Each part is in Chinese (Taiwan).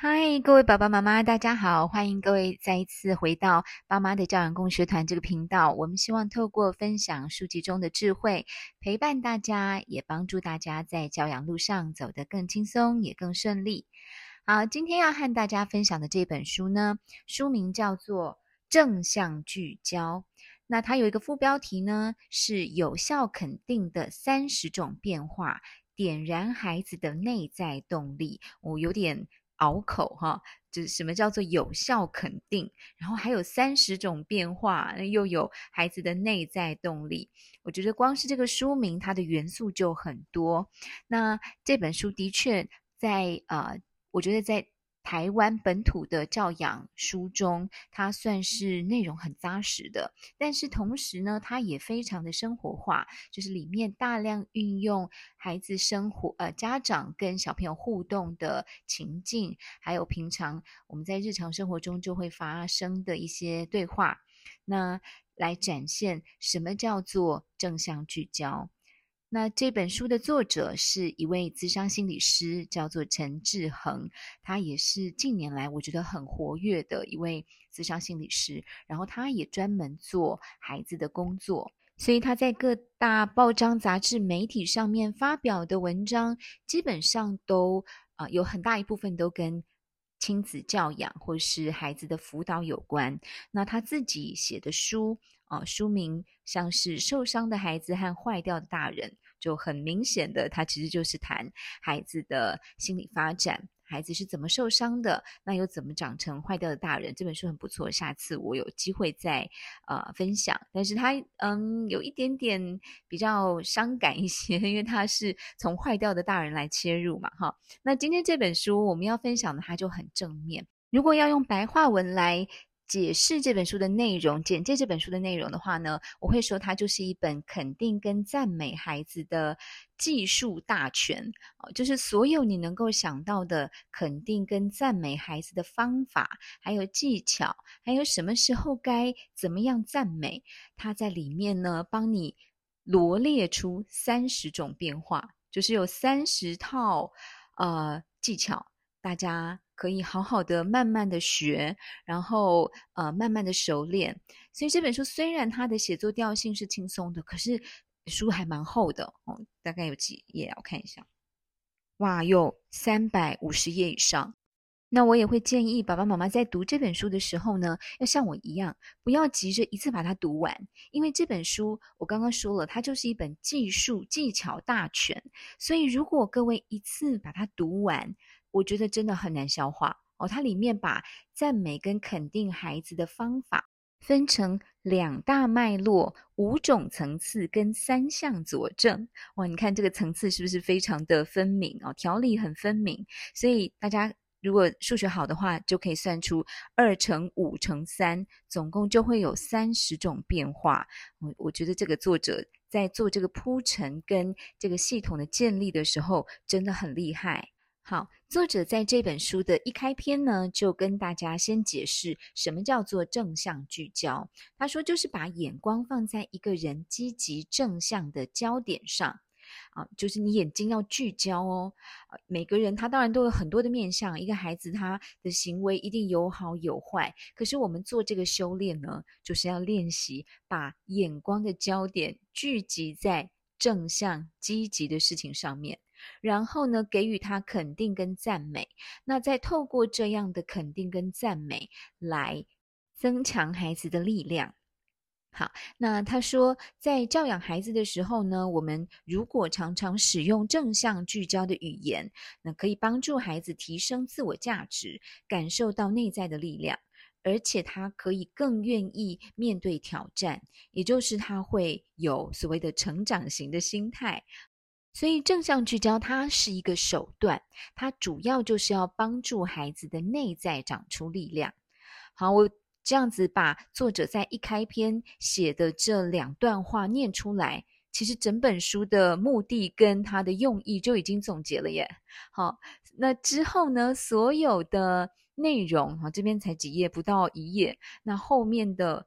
嗨，各位爸爸媽媽，大家好！歡迎各位再一次回到爸媽的教養共學團這個頻道。我們希望透過分享書籍中的智慧，陪伴大家，也幫助大家在教養路上走得更輕鬆，也更順利。好，今天要和大家分享的這本書呢，書名叫做《正向聚焦》，那它有一個副標題呢，是“有效肯定的三十種變化，點燃孩子的內在動力”哦。我有點。拗口哈，就是什麼叫做有效肯定，然後還有三十種變化，那又有孩子的內在動力。我覺得光是這個書名，它的元素就很多。那這本書的確在呃，我覺得在。台灣本土的教養書中，它算是內容很扎實的，但是同時呢，它也非常的生活化，就是裡面大量運用孩子生活、呃，家長跟小朋友互動的情境，還有平常我們在日常生活中就會發生的一些對話，那來展現什麼叫做正向聚焦。那這本書的作者是一位諮商心理師，叫做陳志恆，他也是近年來我覺得很活躍的一位諮商心理師。然後他也專門做孩子的工作，所以他在各大報章、雜誌、媒體上面發表的文章，基本上都啊、呃、有很大一部分都跟親子教養或是孩子的輔導有關。那他自己寫的書。啊、哦，書名像是《受傷的孩子和壞掉的大人》，就很明顯的，它其實就是談孩子的心理發展，孩子是怎麼受傷的，那又怎麼長成壞掉的大人。這本書很不錯，下次我有機會再呃分享。但是它嗯有一點點比較傷感一些，因為它是從壞掉的大人來切入嘛，哈。那今天這本書我們要分享的，它就很正面。如果要用白話文來。解釋這本書的內容，簡介這本書的內容的話呢，我會說它就是一本肯定跟讚美孩子的技術大全，就是所有你能夠想到的肯定跟讚美孩子的方法，還有技巧，還有什麼時候該怎麼樣讚美，它在裡面呢，幫你羅列出三十種變化，就是有三十套呃技巧，大家。可以好好的、慢慢的學，然後呃慢慢的熟練。所以這本書雖然它的寫作調性是輕鬆的，可是書還蠻厚的哦、嗯，大概有幾頁？我看一下，哇，有三百五十頁以上。那我也會建議爸爸媽媽在讀這本書的時候呢，要像我一樣，不要急着一次把它讀完，因為這本書我剛剛說了，它就是一本技術技巧大全，所以如果各位一次把它讀完。我覺得真的很難消化哦。它裡面把讚美跟肯定孩子的方法分成兩大脈絡、五種層次跟三項佐證。哇，你看這個層次是不是非常的分明哦，條理很分明。所以大家如果數學好的話，就可以算出二乘五乘三，總共就會有三十種變化。我我覺得這個作者在做這個鋪陳跟這個系統的建立的時候，真的很厲害。好，作者在這本書的一開篇呢，就跟大家先解釋什麼叫做正向聚焦。他說，就是把眼光放在一個人積極正向的焦點上啊，就是你眼睛要聚焦哦。啊，每個人他當然都有很多的面向，一個孩子他的行為一定有好有壞。可是我們做這個修煉呢，就是要練習把眼光的焦點聚集在正向積極的事情上面。然後呢，給予他肯定跟讚美。那再透過這樣的肯定跟讚美來增強孩子的力量。好，那他說，在教養孩子的時候呢，我們如果常常使用正向聚焦的語言，那可以幫助孩子提升自我價值，感受到內在的力量，而且他可以更願意面對挑戰，也就是他會有所謂的成長型的心態。所以正向聚焦，它是一個手段，它主要就是要幫助孩子的內在長出力量。好，我這樣子把作者在一開篇寫的這兩段話念出來，其實整本書的目的跟它的用意就已經總結了耶。好，那之後呢，所有的內容，好，這邊才幾頁，不到一頁，那後面的。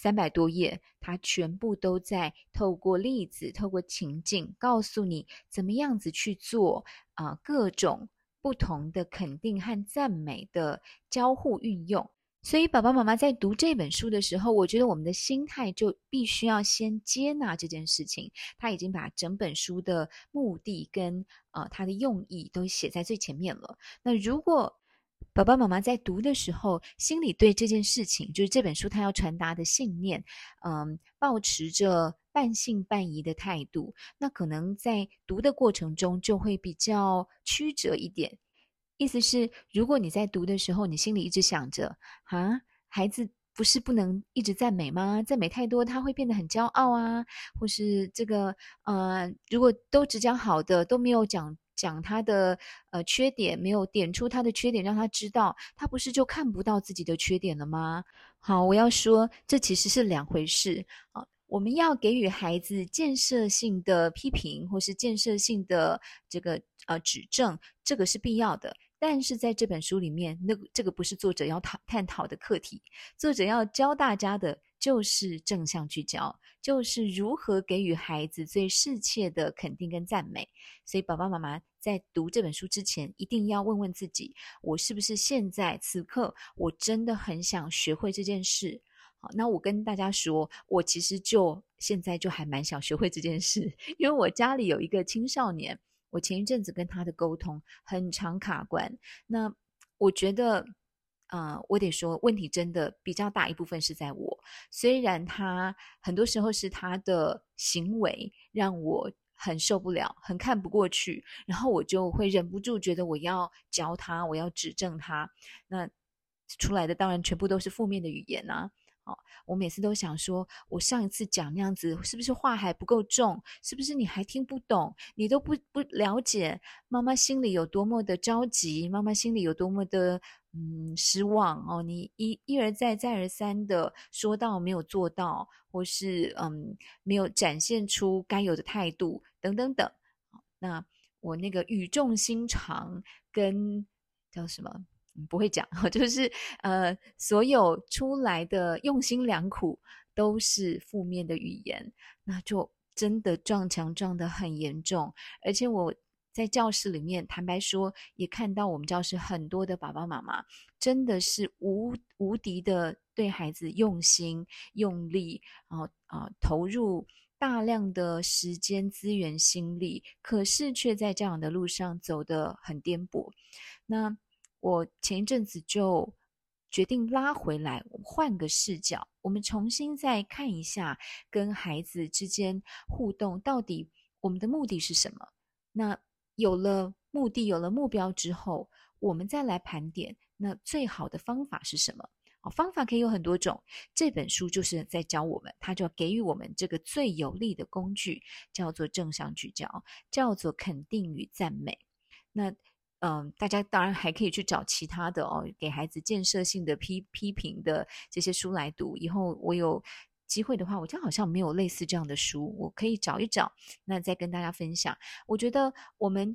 三百多頁，它全部都在透過例子、透過情境，告訴你怎麼樣子去做啊，呃，各種不同的肯定和讚美的交互運用。所以，爸爸媽媽在讀這本書的時候，我覺得我們的心態就必須要先接納這件事情。他已經把整本書的目的跟，呃，他的用意都寫在最前面了。那如果……爸爸媽媽在讀的時候，心裡對這件事情，就是這本書他要傳達的信念，嗯，抱持著半信半疑的態度，那可能在讀的過程中就會比較曲折一點。意思是，如果你在讀的時候，你心裡一直想着啊，孩子不是不能一直讚美嗎？讚美太多，他會變得很驕傲啊，或是這個呃，如果都只講好的，都沒有講。講他的呃缺點，沒有點出他的缺點，讓他知道，他不是就看不到自己的缺點了嗎？好，我要說，這其實是兩回事啊。我們要給予孩子建設性的批評，或是建設性的這個呃指正，這個是必要的。但是在這本書裡面，那個這個不是作者要討探討的課題，作者要教大家的。就是正向聚焦，就是如何給予孩子最適切的肯定跟讚美。所以，爸爸媽媽在讀這本書之前，一定要問問自己：我是不是現在此刻，我真的很想學會這件事？好，那我跟大家說，我其實就現在就還蠻想學會這件事，因為我家裡有一個青少年，我前一陣子跟他的溝通很常卡關。那我覺得。嗯、呃，我得說，問題真的比較大，一部分是在我。雖然他很多時候是他的行為讓我很受不了，很看不過去，然後我就會忍不住覺得我要教他，我要指正他。那出來的當然全部都是負面的語言啊！好、哦，我每次都想說，我上一次講那樣子是不是話還不夠重？是不是你還聽不懂？你都不不了解媽媽心裡有多麼的着急，媽媽心裡有多麼的。嗯，失望哦，你一一而再、再而三的說到沒有做到，或是嗯，沒有展現出該有的態度，等等等。那我那個語重心長跟叫什麼？嗯、不會講，就是呃，所有出來的用心良苦都是負面的語言，那就真的撞牆撞得很嚴重，而且我。在教室裡面，坦白說，也看到我們教室很多的爸爸媽媽，真的是無無敵的對孩子用心用力，然後啊、啊投入大量的時間、資源、心力，可是卻在教養的路上走得很顛簸。那我前一陣子就決定拉回來，我換個視角，我們重新再看一下跟孩子之間互動，到底我們的目的是什麼？那。有了目的，有了目標之後，我們再來盤點，那最好的方法是什麼？方法可以有很多種。這本書就是在教我們，它就要給予我們這個最有力的工具，叫做正向聚焦，叫做肯定與讚美。那，嗯、呃，大家當然還可以去找其他的哦，給孩子建設性的批批評的這些書來讀。以後我有。機會的話，我就好像沒有類似這樣的書，我可以找一找，那再跟大家分享。我覺得我們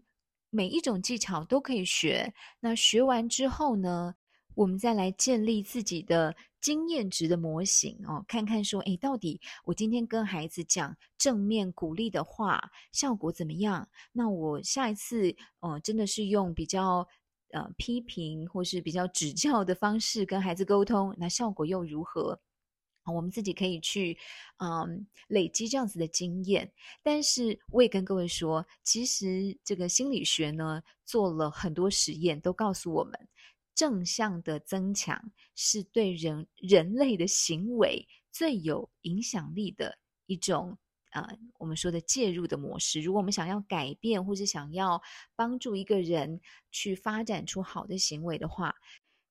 每一種技巧都可以學，那學完之後呢，我們再來建立自己的經驗值的模型哦，看看說，哎,到底我今天跟孩子講正面鼓勵的話，效果怎麼樣？那我下一次，嗯、呃，真的是用比較呃批評或是比較指教的方式跟孩子溝通，那效果又如何？我們自己可以去，嗯，累積這樣子的經驗。但是，我也跟各位說，其實這個心理學呢，做了很多實驗，都告訴我們，正向的增強是對人人類的行為最有影響力的一種，啊、嗯，我們說的介入的模式。如果我們想要改變，或者想要幫助一個人去發展出好的行為的話，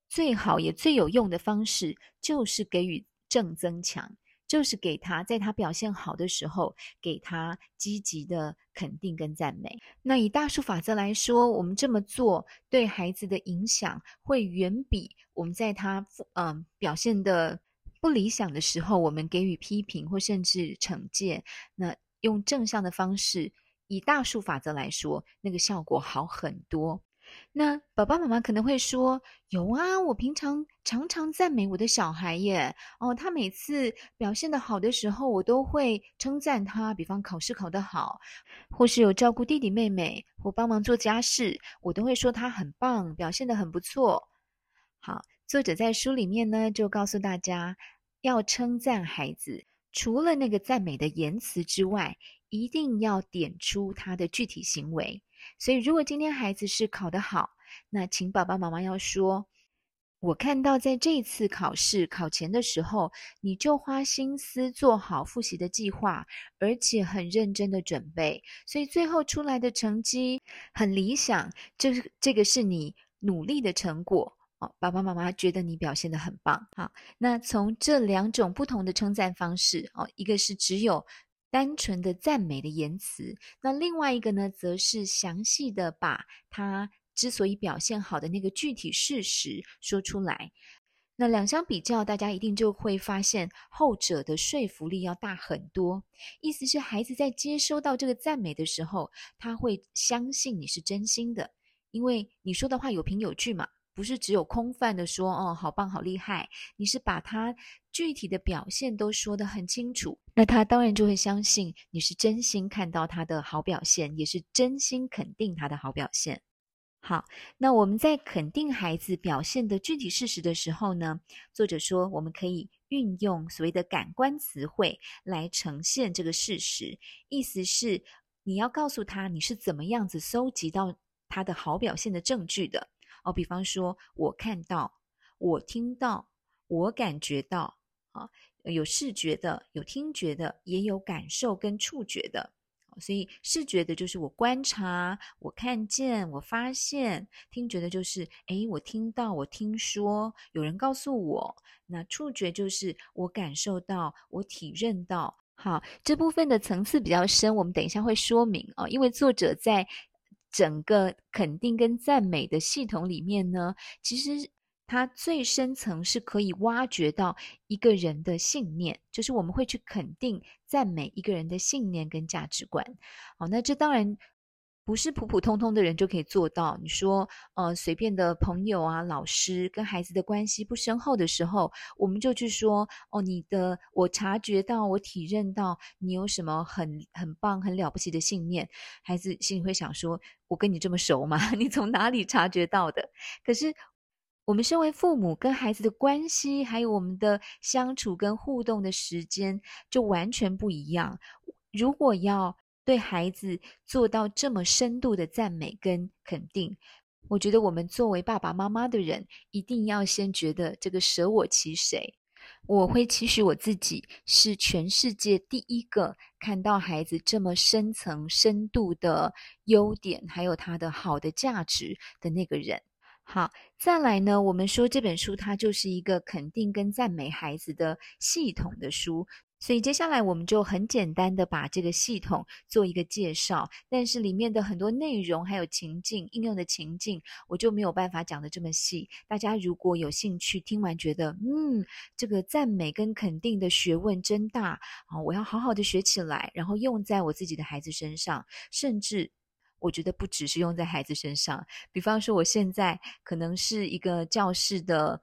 最好也最有用的方式，就是給予。正增強就是給他，在他表現好的時候，給他積極的肯定跟讚美。那以大數法則來說，我們這麼做對孩子的影響，會遠比我們在他嗯、呃、表現的不理想的時候，我們給予批評或甚至懲戒，那用正向的方式，以大數法則來說，那個效果好很多。那爸爸媽媽可能會說：“有啊，我平常常常讚美我的小孩耶。哦，他每次表現得好的時候，我都會稱讚他。比方考試考得好，或是有照顧弟弟妹妹或幫忙做家事，我都會說他很棒，表現得很不錯。”好，作者在書裡面呢，就告訴大家要稱讚孩子，除了那個讚美的言辭之外，一定要點出他的具體行為。所以，如果今天孩子是考得好，那請爸爸媽媽要說：“我看到在這一次考試考前的時候，你就花心思做好復習的計劃，而且很認真的準備，所以最後出來的成績很理想，這是這個是你努力的成果哦。”爸爸媽媽覺得你表現得很棒，好。那從這兩種不同的稱讚方式哦，一個是只有，單純的讚美的言辭，那另外一個呢，則是詳細的把他之所以表現好的那個具體事實說出來。那兩相比較，大家一定就會發現後者的說服力要大很多。意思是，孩子在接收到這個讚美的時候，他會相信你是真心的，因為你說的話有憑有據嘛。不是只有空泛的說哦，好棒，好厲害！你是把他具體的表現都說得很清楚，那他當然就會相信你是真心看到他的好表現，也是真心肯定他的好表現。好，那我們在肯定孩子表現的具體事實的時候呢，作者說我們可以運用所謂的感官詞彙來呈現這個事實，意思是你要告訴他你是怎麼樣子搜集到他的好表現的證據的。哦，比方說，我看到，我聽到，我感覺到，啊，有視覺的，有聽覺的，也有感受跟觸覺的。所以，視覺的就是我觀察，我看見，我發現；聽覺的就是，誒，我聽到，我聽說，有人告訴我。那觸覺就是我感受到，我體認到。好，這部分的層次比較深，我們等一下會說明啊，哦，因為作者在。整個肯定跟讚美的系統裡面呢，其實它最深層是可以挖掘到一個人的信念，就是我們會去肯定、讚美一個人的信念跟價值觀。好、哦，那這當然。不是普普通通的人就可以做到。你說，呃，隨便的朋友啊，老師跟孩子的關係不深厚的時候，我們就去說，哦，你的，我察覺到，我體認到你有什麼很很棒、很了不起的信念。孩子心裡會想說，我跟你這麼熟嗎？你從哪裡察覺到的？可是，我們身為父母跟孩子的關係，還有我們的相處跟互動的時間，就完全不一樣。如果要，對孩子做到這麼深度的讚美跟肯定，我覺得我們作為爸爸媽媽的人，一定要先覺得這個舍我其誰。我會期許我自己是全世界第一個看到孩子這麼深層、深度的優點，還有他的好的價值的那個人。好，再來呢，我們說這本書它就是一個肯定跟讚美孩子的系統的書。所以接下來我們就很簡單的把這個系統做一個介紹，但是裡面的很多內容還有情境應用的情境，我就沒有辦法講的這麼細。大家如果有興趣，聽完覺得嗯，這個讚美跟肯定的學問真大啊！哦，我要好好的學起來，然後用在我自己的孩子身上，甚至我覺得不只是用在孩子身上，比方說我現在可能是一個教室的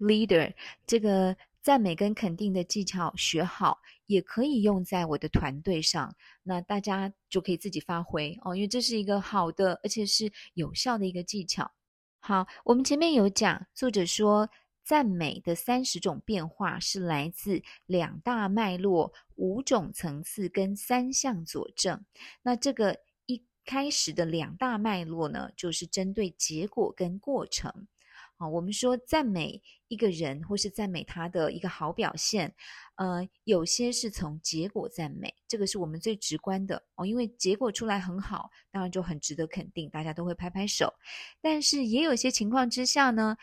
leader，這個。讚美跟肯定的技巧學好，也可以用在我的團隊上。那大家就可以自己發揮哦，因為這是一個好的，而且是有效的一個技巧。好，我們前面有講，作者說，讚美的三十種變化是來自兩大脈絡、五種層次跟三項佐證。那這個一開始的兩大脈絡呢，就是針對結果跟過程。哦，我們說讚美一個人，或是讚美他的一個好表現，呃，有些是從結果讚美，這個是我們最直觀的哦，因為結果出來很好，當然就很值得肯定，大家都會拍拍手。但是也有些情況之下呢，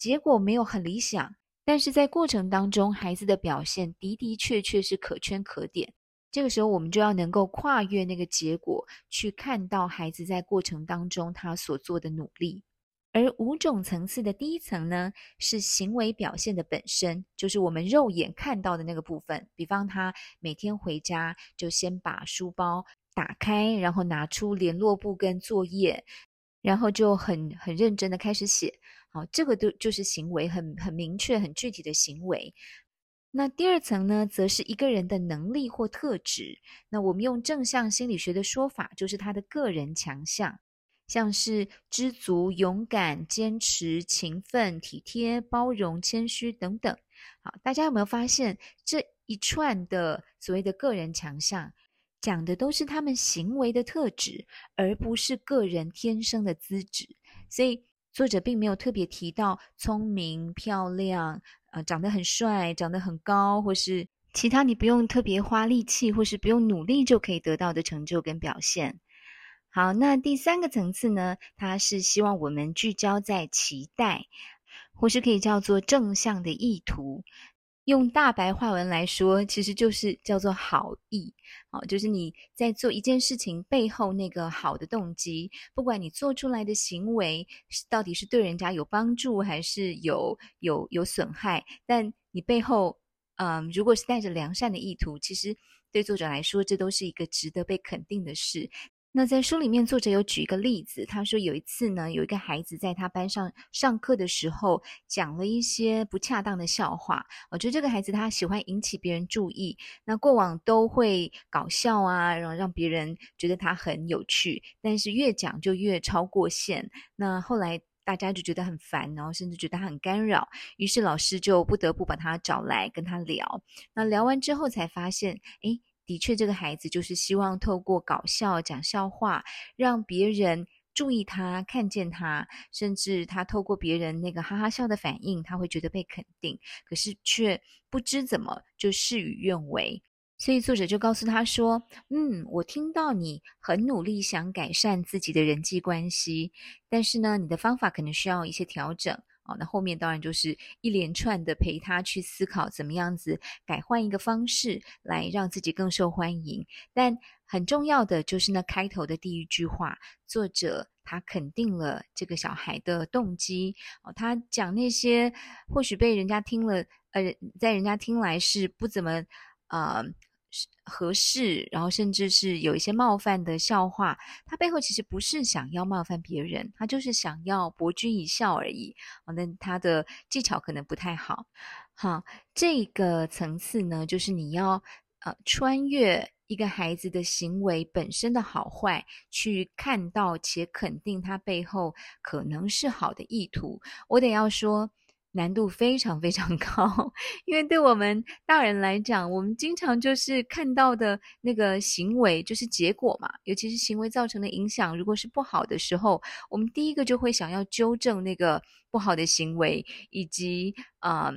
結果沒有很理想，但是在過程當中孩子的表現的的確確是可圈可點，這個時候我們就要能夠跨越那個結果，去看到孩子在過程當中他所做的努力。而五種層次的第一層呢，是行為表現的本身，就是我們肉眼看到的那個部分。比方，他每天回家就先把書包打開，然後拿出聯絡簿跟作業，然後就很很認真的開始寫。好，這個都就是行為，很很明確、很具體的行為。那第二層呢，則是一個人的能力或特質。那我們用正向心理學的說法，就是他的個人強項。像是知足、勇敢、堅持、勤奮、體貼、包容、謙虛等等。好，大家有沒有發現，這一串的所謂的個人強項，講的都是他們行為的特質，而不是個人天生的資質。所以作者並沒有特別提到聰明、漂亮，呃，長得很帥、長得很高，或是其他你不用特別花力氣，或是不用努力就可以得到的成就跟表現。好，那第三個層次呢？它是希望我們聚焦在期待，或是可以叫做正向的意圖。用大白話文來說，其實就是叫做好意。好、哦，就是你在做一件事情背後那個好的動機，不管你做出來的行為是到底是對人家有幫助還是有有有損害，但你背後，嗯、呃，如果是帶着良善的意圖，其實對作者來說，這都是一個值得被肯定的事。那在書裡面，作者有舉一個例子，他說有一次呢，有一個孩子在他班上上課的時候，講了一些不恰當的笑話。我覺得這個孩子他喜歡引起別人注意，那過往都會搞笑啊，然後讓別人覺得他很有趣。但是越講就越超過線，那後來大家就覺得很煩，然後甚至覺得他很干擾，於是老師就不得不把他找來跟他聊。那聊完之後才發現，哎。的確，這個孩子就是希望透過搞笑講笑話，讓別人注意他、看見他，甚至他透過別人那個哈哈笑的反應，他會覺得被肯定。可是卻不知怎麼就事與願違，所以作者就告訴他說：“嗯，我聽到你很努力想改善自己的人際關係，但是呢，你的方法可能需要一些調整。”哦，那後面當然就是一連串的陪他去思考怎麼樣子改換一個方式來讓自己更受歡迎。但很重要的就是那開頭的第一句話，作者他肯定了這個小孩的動機。哦，他講那些或許被人家聽了，呃，在人家聽來是不怎麼，呃，合適，然後甚至是有一些冒犯的笑話，他背後其實不是想要冒犯別人，他就是想要博君一笑而已。哦，那他的技巧可能不太好。好、哦，這個層次呢，就是你要呃穿越一個孩子的行為本身的好壞，去看到且肯定他背後可能是好的意圖。我得要說。難度非常非常高，因為對我們大人來講，我們經常就是看到的那個行為，就是結果嘛，尤其是行為造成的影響，如果是不好的時候，我們第一個就會想要糾正那個不好的行為，以及呃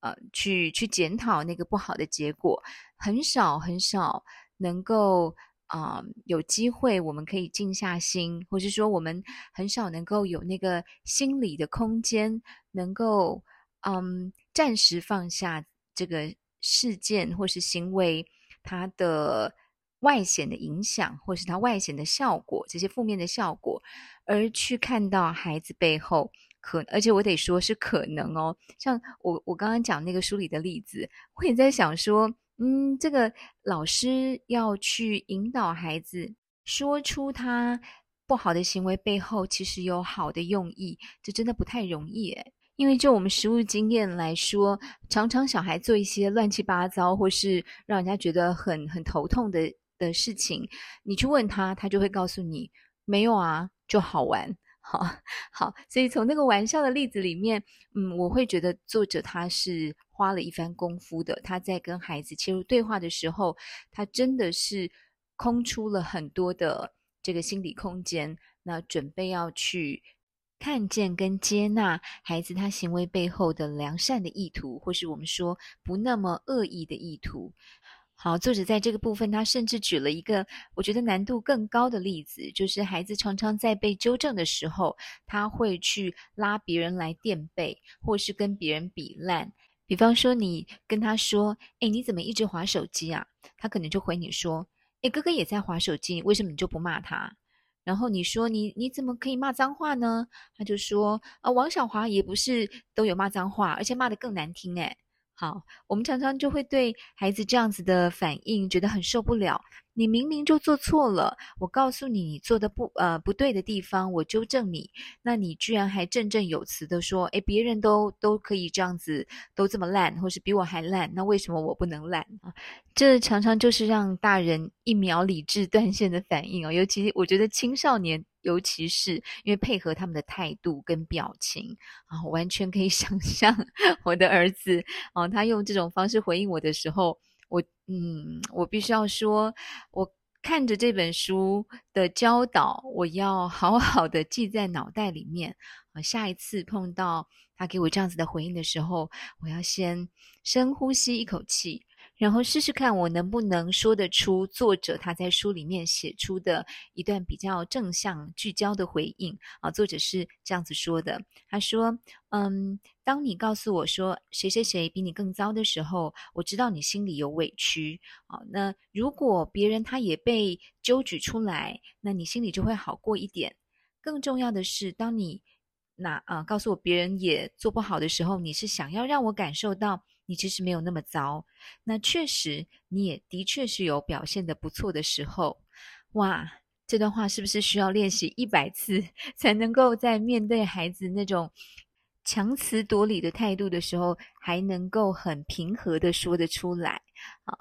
呃，去去檢討那個不好的結果，很少很少能夠。啊、嗯，有機會我們可以靜下心，或是說我們很少能夠有那個心理的空間，能夠嗯暫時放下這個事件或是行為它的外顯的影響，或是它外顯的效果，這些負面的效果，而去看到孩子背後可，而且我得說是可能哦，像我我剛剛講那個書裡的例子，我也在想說。嗯，這個老師要去引導孩子說出他不好的行為背後其實有好的用意，這真的不太容易誒，因為就我們實務經驗來說，常常小孩做一些亂七八糟或是讓人家覺得很很頭痛的的事情，你去問他，他就會告訴你沒有啊，就好玩，好，好。所以從那個玩笑的例子裡面，嗯，我會覺得作者他是。花了一番功夫的，他在跟孩子切入對話的時候，他真的是空出了很多的這個心理空間，那準備要去看見跟接納孩子他行為背後的良善的意圖，或是我們說不那麼惡意的意圖。好，作者在這個部分，他甚至舉了一個我覺得難度更高的例子，就是孩子常常在被糾正的時候，他會去拉別人來墊背，或是跟別人比爛。比方說，你跟他說：“誒，你怎麼一直滑手機啊？”他可能就回你說：“誒，哥哥也在滑手機，為什麼你就不罵他？”然後你說你：“你你怎麼可以罵髒話呢？”他就說：“啊，王小華也不是都有罵髒話，而且罵得更難聽誒。”好，我們常常就會對孩子這樣子的反應覺得很受不了。你明明就做錯了，我告訴你你做的不呃不對的地方，我糾正你，那你居然還振振有詞地說，誒，別人都都可以這樣子，都這麼爛，或是比我還爛，那為什麼我不能爛啊？這常常就是讓大人一秒理智斷線的反應哦，尤其我覺得青少年。尤其是因為配合他們的態度跟表情啊，我完全可以想象我的兒子啊，他用這種方式回應我的時候，我嗯，我必須要說，我看着這本書的教導，我要好好的記在腦袋裡面啊。下一次碰到他給我這樣子的回應的時候，我要先深呼吸一口氣。然後試試看，我能不能說得出作者他在書裡面寫出的一段比較正向聚焦的回應啊？作者是這樣子說的，他說：“嗯，當你告訴我說誰誰誰比你更糟的時候，我知道你心裡有委屈。好，啊，那如果別人他也被揪舉出來，那你心裡就會好過一點。更重要的是，當你那啊告訴我別人也做不好的時候，你是想要讓我感受到。”你其實沒有那麼糟，那確實你也的確是有表現得不錯的時候，哇！這段話是不是需要練習一百次才能夠在面對孩子那種強詞奪理的態度的時候，還能夠很平和的說得出來？啊，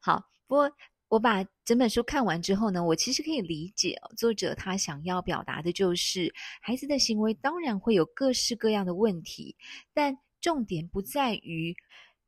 好。不過我把整本書看完之後呢，我其實可以理解作者他想要表達的就是孩子的行為當然會有各式各樣的問題，但重點不在於。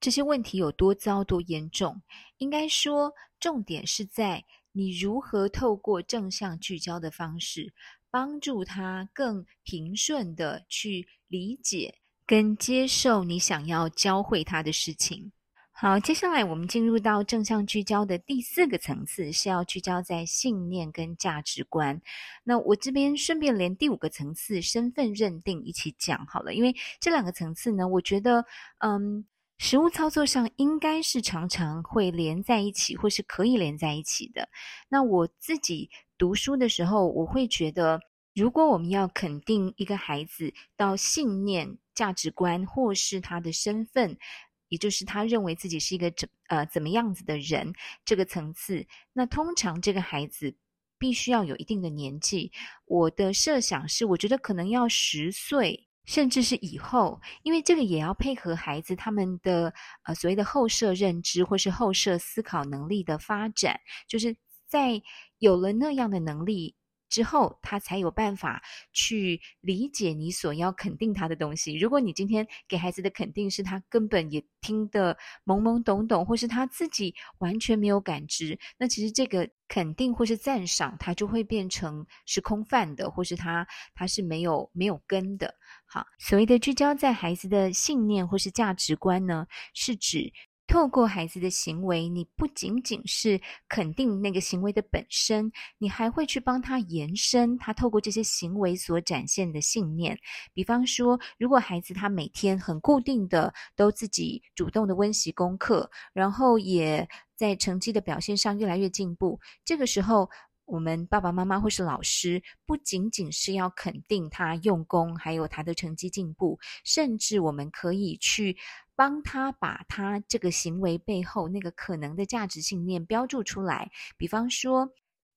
這些問題有多糟、多嚴重？應該說，重點是在你如何透過正向聚焦的方式，幫助他更平順的去理解跟接受你想要教會他的事情。好，接下來我們進入到正向聚焦的第四個層次，是要聚焦在信念跟價值觀。那我這邊順便連第五個層次——身份認定一起講好了，因為這兩個層次呢，我覺得，嗯。實物操作上應該是常常會連在一起，或是可以連在一起的。那我自己讀書的時候，我會覺得，如果我們要肯定一個孩子到信念、價值觀，或是他的身份，也就是他認為自己是一個怎呃怎麼樣子的人，這個層次，那通常這個孩子必須要有一定的年紀。我的設想是，我覺得可能要十歲。甚至是以後，因為這個也要配合孩子他們的呃所謂的後設認知，或是後設思考能力的發展，就是在有了那樣的能力之後，他才有辦法去理解你所要肯定他的東西。如果你今天給孩子的肯定是他根本也聽得懵懵懂懂，或是他自己完全沒有感知，那其實這個肯定或是讚賞，它就會變成是空泛的，或是他他是沒有沒有根的。好，所謂的聚焦在孩子的信念或是價值觀呢，是指。透過孩子的行為，你不僅僅是肯定那個行為的本身，你還會去幫他延伸他透過這些行為所展現的信念。比方說，如果孩子他每天很固定的都自己主動的溫習功課，然後也在成績的表現上越來越進步，這個時候，我們爸爸媽媽或是老師，不僅僅是要肯定他用功，還有他的成績進步，甚至我們可以去。幫他把他這個行為背後那個可能的價值信念標註出來，比方說，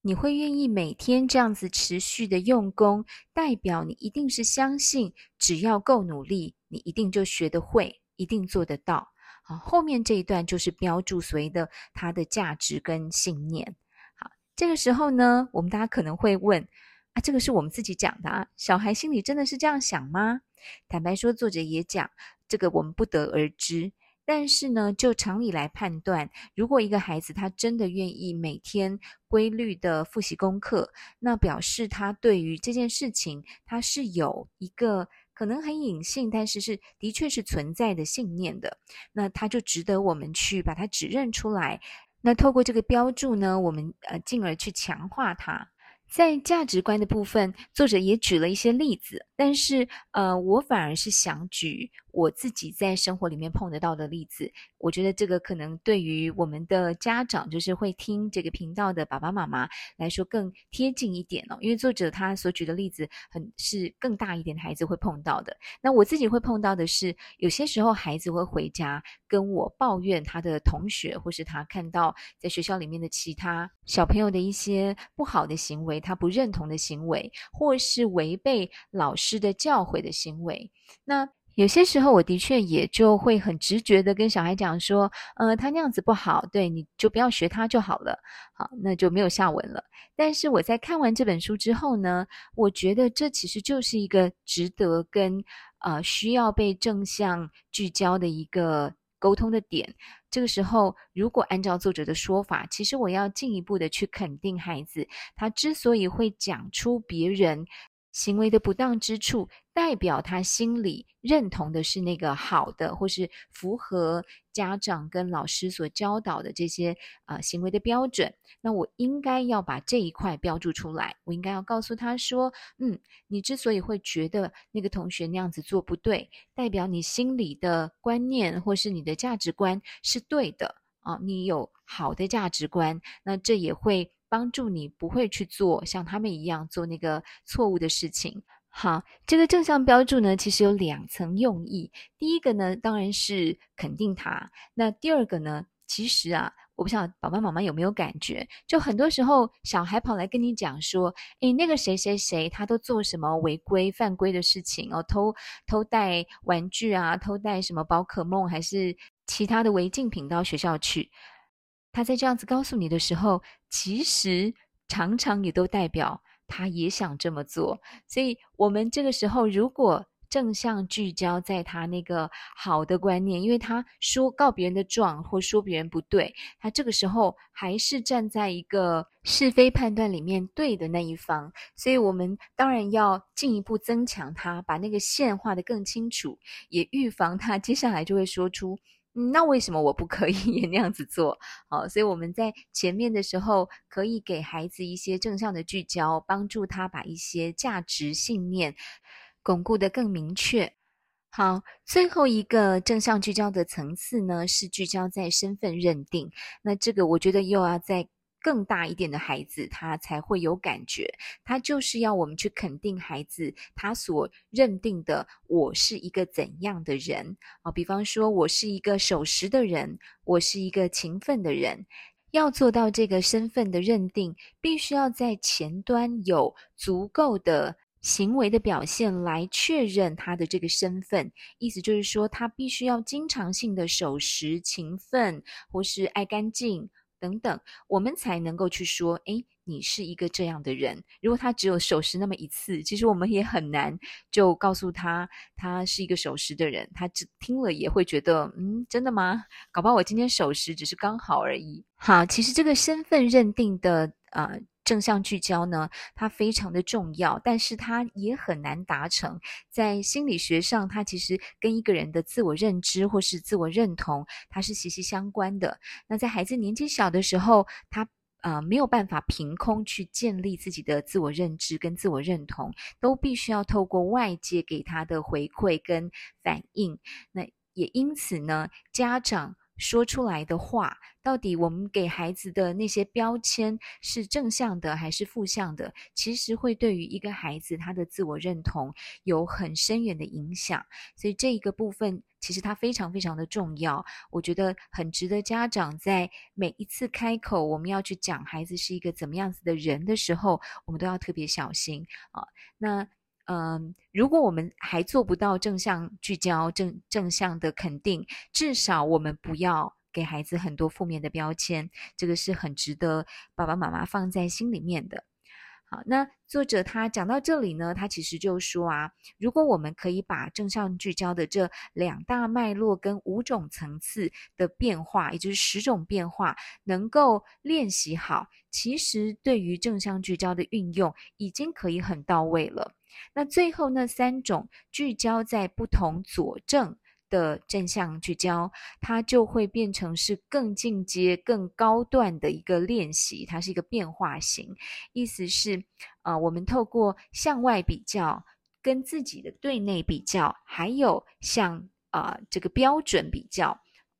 你會願意每天這樣子持續的用功，代表你一定是相信，只要夠努力，你一定就學得會，一定做得到。好，後面這一段就是標註所謂的他的價值跟信念。好，這個時候呢，我們大家可能會問。啊，這個是我們自己講的啊。小孩心裡真的是這樣想嗎？坦白說，作者也講，這個我們不得而知。但是呢，就常理來判斷，如果一個孩子他真的願意每天規律的複習功課，那表示他對於這件事情，他是有一個可能很隱性，但是是的確是存在的信念的。那他就值得我們去把它指認出來。那透過這個標注呢，我們呃，進而去強化它。在價值觀的部分，作者也舉了一些例子。但是，呃，我反而是想舉我自己在生活裡面碰得到的例子。我覺得這個可能對於我們的家長，就是會聽這個頻道的爸爸媽媽來說更貼近一點哦，因為作者他所舉的例子很，很是更大一點的孩子會碰到的。那我自己會碰到的是，有些時候孩子會回家跟我抱怨他的同學，或是他看到在學校裡面的其他小朋友的一些不好的行為，他不認同的行為，或是違背老師師的教誨的行為，那有些時候我的確也就會很直覺的跟小孩講說，呃，他那樣子不好，對，你就不要學他就好了，好，那就沒有下文了。但是我在看完這本書之後呢，我覺得這其實就是一個值得跟呃需要被正向聚焦的一個溝通的點。這個時候，如果按照作者的說法，其實我要進一步的去肯定孩子，他之所以會講出別人行為的不當之處，代表他心裡認同的是那個好的，或是符合家長跟老師所教導的這些啊、呃、行為的標準。那我應該要把這一塊標注出來，我應該要告訴他說，嗯，你之所以會覺得那個同學那樣子做不對，代表你心裡的觀念或是你的價值觀是對的啊、呃，你有好的價值觀，那這也會。幫助你不會去做像他們一樣做那個錯誤的事情。好，這個正向標註呢，其實有兩層用意。第一個呢，當然是肯定他；那第二個呢，其實啊，我不知道爸爸媽媽有沒有感覺，就很多時候小孩跑來跟你講說：“哎，那個誰誰誰，他都做什麼違規犯規的事情哦，偷偷帶玩具啊，偷帶什麼寶可夢還是其他的違禁品到學校去。”他在這樣子告訴你的時候，其實常常也都代表他也想這麼做。所以，我們這個時候如果正向聚焦在他那個好的觀念，因為他說告別人的狀或說別人不對，他這個時候還是站在一個是非判斷裡面對的那一方。所以，我們當然要進一步增強他，把那個線畫得更清楚，也預防他接下來就會說出。嗯，那為什麼我不可以也那樣子做？好，所以我們在前面的時候，可以給孩子一些正向的聚焦，幫助他把一些價值信念鞏固得更明確。好，最後一個正向聚焦的層次呢，是聚焦在身份認定。那這個我覺得又要在。更大一點的孩子，他才會有感覺。他就是要我們去肯定孩子他所認定的“我是一個怎樣的人”啊，比方說，我是一個守時的人，我是一個勤奮的人。要做到這個身份的認定，必須要在前端有足夠的行為的表現來確認他的這個身份。意思就是說，他必須要經常性的守時、勤奮，或是愛乾淨。等等，我們才能夠去說，哎，你是一個這樣的人。如果他只有守時那麼一次，其實我們也很難就告訴他，他是一個守時的人。他只聽了也會覺得，嗯，真的嗎？搞不好我今天守時只是剛好而已。好，其實這個身份認定的啊。呃正向聚焦呢，它非常的重要，但是它也很難達成。在心理學上，它其實跟一個人的自我認知或是自我認同，它是息息相關的。那在孩子年紀小的時候，他，呃，沒有辦法憑空去建立自己的自我認知跟自我認同，都必須要透過外界給他的回饋跟反應。那也因此呢，家長。說出來的話，到底我們給孩子的那些標籤是正向的還是負向的？其實會對於一個孩子他的自我認同有很深遠的影響。所以這一個部分其實它非常非常的重要，我覺得很值得家長在每一次開口我們要去講孩子是一個怎麼樣子的人的時候，我們都要特別小心啊。那。嗯，如果我們還做不到正向聚焦，正正向的肯定，至少我們不要給孩子很多負面的標籤，這個是很值得爸爸媽媽放在心裡面的。那作者他講到這裡呢，他其實就說啊，如果我們可以把正向聚焦的這兩大脈絡跟五種層次的變化，也就是十種變化，能夠練習好，其實對於正向聚焦的運用已經可以很到位了。那最後那三種聚焦在不同佐證，的正向聚焦，它就會變成是更進階、更高段的一個練習。它是一個變化型，意思是，呃，我們透過向外比較，跟自己的對內比較，還有像呃這個標準比較。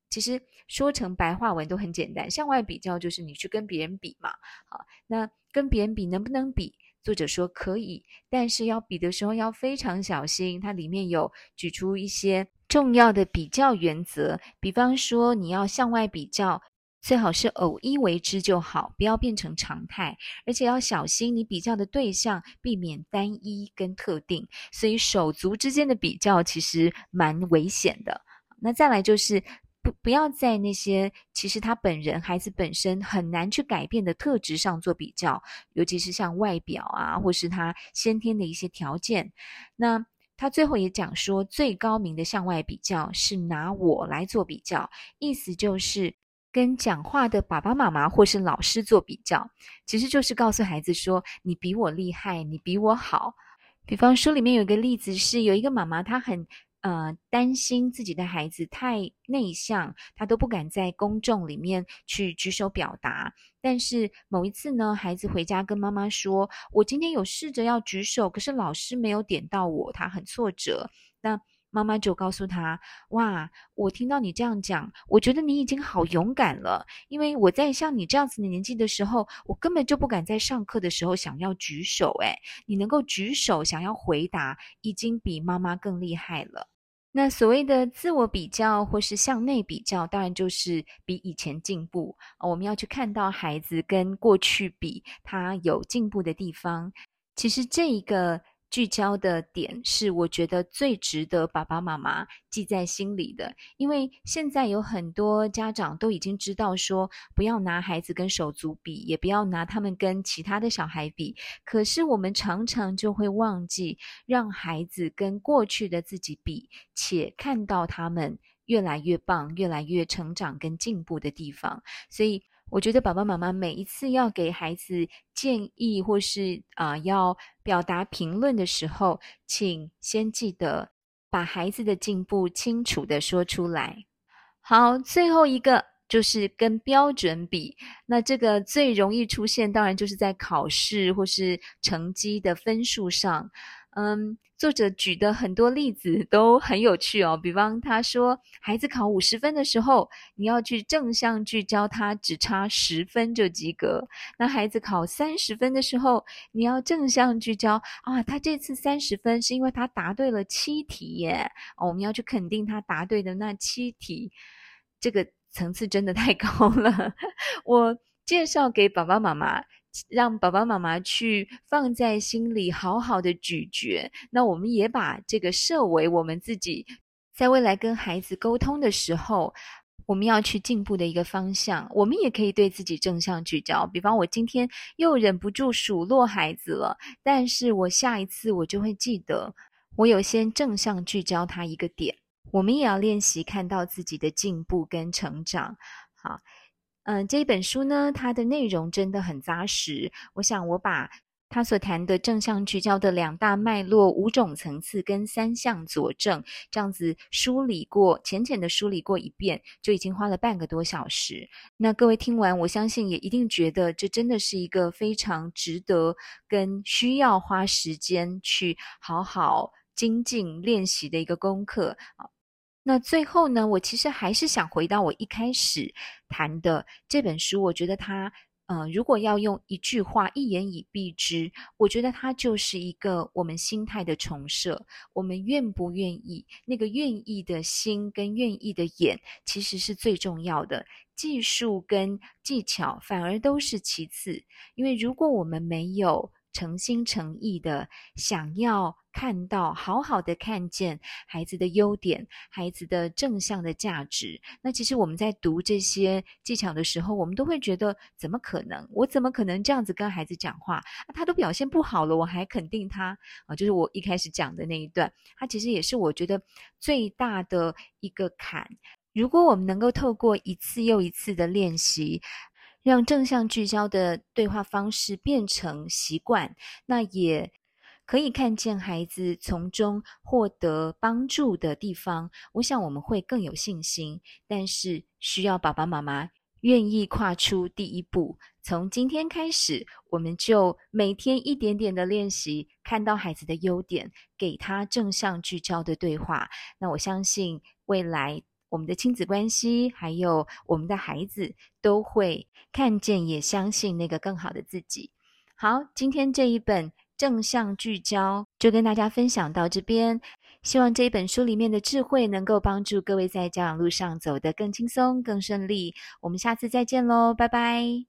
其實說成白話文都很簡單，向外比較就是你去跟別人比嘛。啊，那跟別人比能不能比？作者說可以，但是要比的時候要非常小心。它裡面有舉出一些。重要的比較原則，比方說你要向外比較，最好是偶一為之就好，不要變成常態。而且要小心你比較的對象，避免單一跟特定。所以手足之間的比較其實蠻危險的。那再來就是不不要在那些其實他本人、孩子本身很難去改變的特質上做比較，尤其是像外表啊，或是他先天的一些條件。那他最後也講說，最高明的向外比較是拿我來做比較，意思就是跟講話的爸爸媽媽或是老師做比較，其實就是告訴孩子說你比我厲害，你比我好。比方說，書裡面有一個例子是有一個媽媽，她很，呃，擔心自己的孩子太內向，他都不敢在公眾裡面去舉手表達。但是某一次呢，孩子回家跟媽媽說：“我今天有試着要舉手，可是老師沒有點到我，他很挫折。”那媽媽就告訴他：“哇，我聽到你這樣講，我覺得你已經好勇敢了。因為我在像你這樣子的年紀的時候，我根本就不敢在上課的時候想要舉手誒。你能夠舉手想要回答，已經比媽媽更厲害了。”那所謂的自我比較或是向內比較，當然就是比以前進步。我們要去看到孩子跟過去比，他有進步的地方。其實這一個。聚焦的點是，我覺得最值得爸爸媽媽記在心裡的，因為現在有很多家長都已經知道說，不要拿孩子跟手足比，也不要拿他們跟其他的小孩比。可是我們常常就會忘記讓孩子跟過去的自己比，且看到他們越來越棒、越來越成長跟進步的地方。所以。我覺得爸爸媽媽每一次要給孩子建議或是啊、呃、要表達評論的時候，請先記得把孩子的進步清楚的說出來。好，最後一個就是跟標準比，那這個最容易出現，當然就是在考試或是成績的分數上。嗯，作者舉的很多例子都很有趣哦。比方他說，孩子考五十分的時候，你要去正向聚焦，他只差十分就及格。那孩子考三十分的時候，你要正向聚焦啊，他這次三十分是因為他答對了七題耶。哦，我們要去肯定他答對的那七題，這個層次真的太高了。我介紹給爸爸媽媽。讓爸爸媽媽去放在心裡，好好的咀嚼。那我們也把這個設為我們自己在未來跟孩子溝通的時候，我們要去進步的一個方向。我們也可以對自己正向聚焦，比方我今天又忍不住數落孩子了，但是我下一次我就會記得，我有先正向聚焦他一個點，我們也要練習看到自己的進步跟成長。好。嗯、呃，這一本書呢，它的內容真的很扎實。我想，我把他所談的正向聚焦的兩大脈絡、五種層次跟三項佐證，這樣子梳理過，淺淺的梳理過一遍，就已經花了半個多小時。那各位聽完，我相信也一定覺得這真的是一個非常值得跟需要花時間去好好精進練習的一個功課。那最後呢，我其實還是想回到我一開始談的這本書。我覺得它，呃，如果要用一句話、一言以蔽之，我覺得它就是一個我們心態的重設。我們願不願意，那個願意的心跟願意的眼，其實是最重要的。技術跟技巧反而都是其次。因為如果我們沒有，誠心誠意的想要看到，好好的看見孩子的優點，孩子的正向的價值。那其實我們在讀這些技巧的時候，我們都會覺得，怎麼可能？我怎麼可能這樣子跟孩子講話？啊、他都表現不好了，我還肯定他啊？就是我一開始講的那一段，它、啊、其實也是我覺得最大的一個坎。如果我們能夠透過一次又一次的練習，讓正向聚焦的對話方式變成習慣，那也可以看見孩子從中獲得幫助的地方。我想我們會更有信心，但是需要爸爸媽媽願意跨出第一步。從今天開始，我們就每天一點點的練習，看到孩子的優點，給他正向聚焦的對話。那我相信未來。我們的親子關係，還有我們的孩子，都會看見也相信那個更好的自己。好，今天這一本正向聚焦就跟大家分享到這邊，希望這一本書裡面的智慧能夠幫助各位在教養路上走得更輕鬆、更順利。我們下次再見嘍，拜拜。